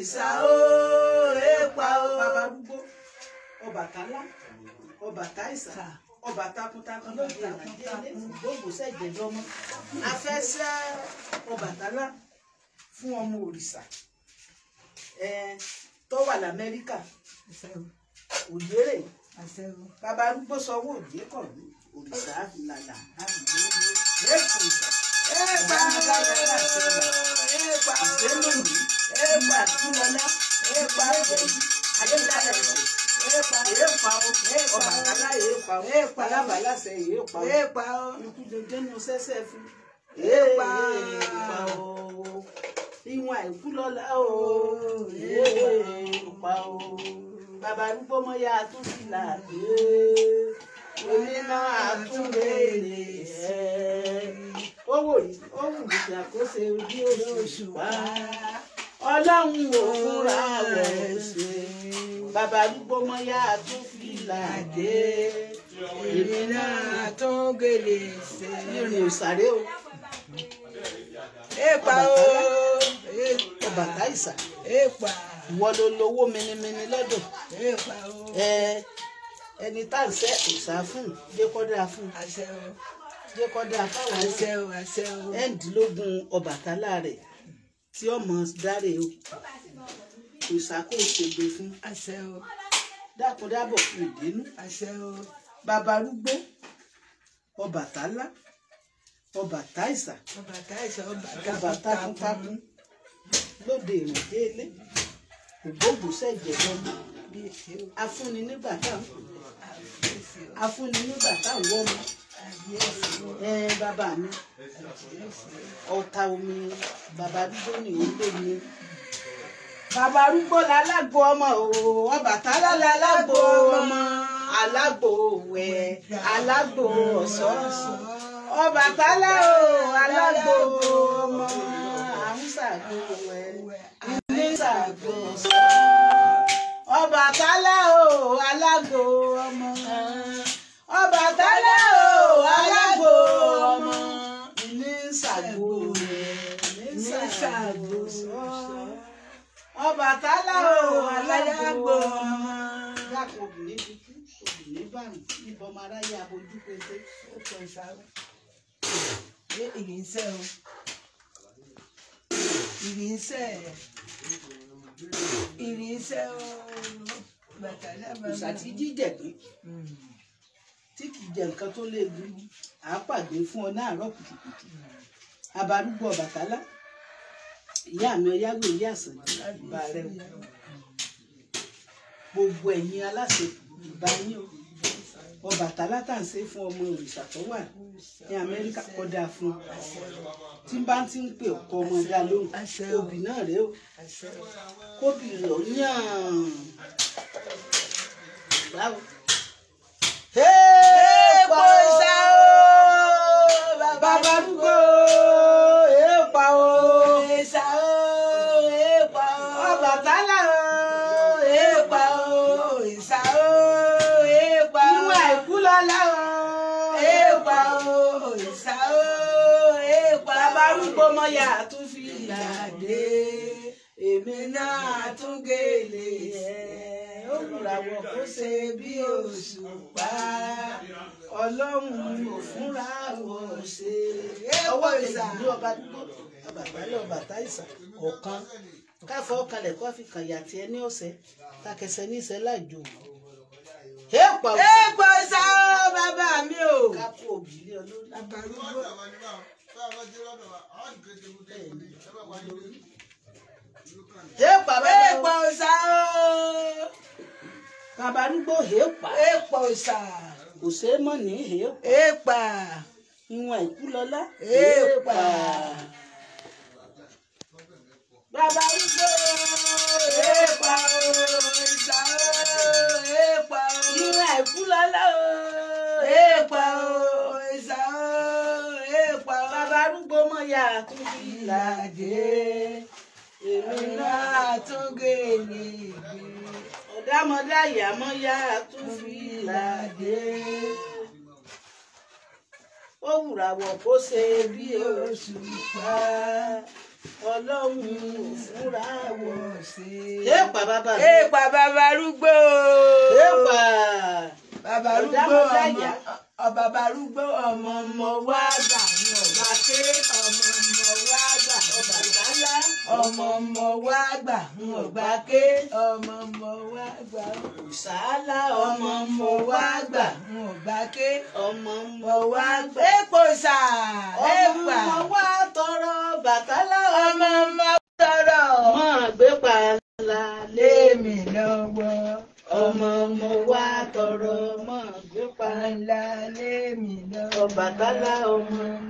òrìṣà ó èèpa ó. bàbá arúgbó Ọbàtálá ọba táìsà ọba takuntakun lóde àkàndé gbòògbòsẹ ìjẹjọmọ afẹsẹ Ọbàtálá fún ọmọ òrìṣà tó wà l'Amẹ́ríkà òjèrè bàbá arúgbó sanwó òjè kọ̀ọ̀lù òrìṣà làlà àbí lóyún lẹ́kùn ìgbà ẹ̀ẹ́dá lọ́wọ́ àti ọ̀la ẹ̀pà ẹlòmí ẹ̀pà túnlọ́lá ẹ̀pà ẹ̀bẹ̀yì ayélujára ẹ̀sìn ẹ̀pà ẹ̀pà o ọ̀bà kálá ẹ̀pà o ẹ̀pà alábàlásẹ̀ ẹ̀pà o ẹ̀pà o ìkúdòdénu sẹ́sẹ̀ fún ẹ̀pà o ìwọ̀n àìkú lọ́la o ẹ̀pà o bàbá arúgbó mọ́ yá a tún fi là ẹ̀pà. kó ṣe bí oṣù wá ọlọ́run ò rẹ̀ ṣe bàbá arúgbó mọ́yá tó fi làdé èmi náà tó ń gèlè ṣe. mi òsàré o. èèpà o ọbàtà ìsà. èèpà. ìwọ ló minimini lọ́dọ̀. èèpà o. ẹni tá à ń sẹ́ òsà fún un dé kọ́dá fún un jẹ́ kó dáa fáwọn àṣẹ àṣẹ ẹ̀ǹdínlógún ọbàtálá rẹ̀ tí ọmọ dáre o kò sáko òṣègbè fún àṣẹ o dákúndábọ̀ fún ìdínú àṣẹ o bàbá arúgbó ọbàtálá ọba táìsà ọba takuntakun lóde ìrìndé ilé ògbógbòsẹ̀jẹ̀ lọ́mọ afúnni nígbà táwọn afúnni nígbà táwọn wọ́mọ ẹ bàbá mi ọ̀tá omi bàbá dúdú ni ó lè ní. bàbá arúgbó la lágbo ọmọ o Ọbàtálá la lágbo ọmọ alágbo òwe alágbo ọ̀sọ́ Ọbàtálá o alágbo ọmọ àmúṣàgbo òwe àmúṣàgbo ọ̀sọ́ Ọbàtálá o alágbo ọmọ. Ọbàtálá o aláyàgbò ọmọ. dákun obìnrin ti kú obìnrin bá mi ìbọn máa ráyè abojú pété ó kọ ìsáré. ṣé ìrì o ìrì ń sẹ́ ìrì ń sẹ́ o bàtà náà bá mi. ìsàtí jíjẹ̀ pé tí kì í jẹ nǹkan tó lè dúró àápàdé fún ọ náà àárọ̀ kùtùkùtù abarúgbó Ọbàtálá ìyá mi ọyáwó ilé àsànjì bá rẹ o gbogbo ẹ̀yin aláṣẹ ìbá yín o Ọbàtálá tá ń ṣe fún ọmọ òrìṣà tó wà ní Amẹ́ríkà kọ́dà fún tí bá ti ń pè ọkọ ọmọ dá lóhùn obì náà rèé o kóbì rẹ̀ yàn báwo. Hey, boy, àìsà ó èèpà bárúgbó mọ́yà tún fi ìyà dé èmi náà tún gèlè ẹ̀ ó múrawọ̀ kó ṣe bí òṣùpá ọlọ́run ò fúnra wọ̀ ṣe. ọwọ́ ìsà ní ọba dúró àbàbálẹ̀ ọba táìsà ọ̀kan káfọ́ kalẹ̀ kó fi kàyà tiẹ̀ ní ọ̀sẹ̀ takẹsẹ̀ ní ìṣẹ́ láìjò. èèpà ìsà ó bàbá o. kápò òbí lé ọ lórí. èèpà ọ̀sà o. bàbá arúgbó èèpà. èèpà ọ̀sà. kò ṣeé mọ̀ ní èèpà. èèpà. ìwọ̀n ìkú èèpà. gbó mọ́ yá tún fi làjé èmi náà tún gé ní ìgbé. ọ̀dàmọ́dá ìyàmọ́ yá tún fi làjé. ó wùràwọ̀ kó ṣe bí oṣù pa ọlọ́run ò wọ̀ ṣe. èèpà bàbá rúgbó. èèpà bàbá rúgbó. èèpà bàbá rúgbó ọmọ ọba bàrúgbó ọmọ ọmọ wá bà màṣẹ ọmọ ọmọ wa gbà ọgbà ńlá ọmọ ọmọ wa gbà ń ọgbà ké ọmọ ọmọ wa gbà òṣàlà ọmọ ọmọ wa gbà ń ọgbà ké ọmọ ọmọ wa gbà èpò sà èpà ọmọ ọmọ wa tọrọ bàtálá ọmọ ọmọ tọrọ mọ àgbépa ńlá lémi lọ́wọ́ ọmọ ọmọ wa tọrọ mọ àgbépa ńlá lémi lọ́wọ́ Ọbàtálá ọmọ ọmọ.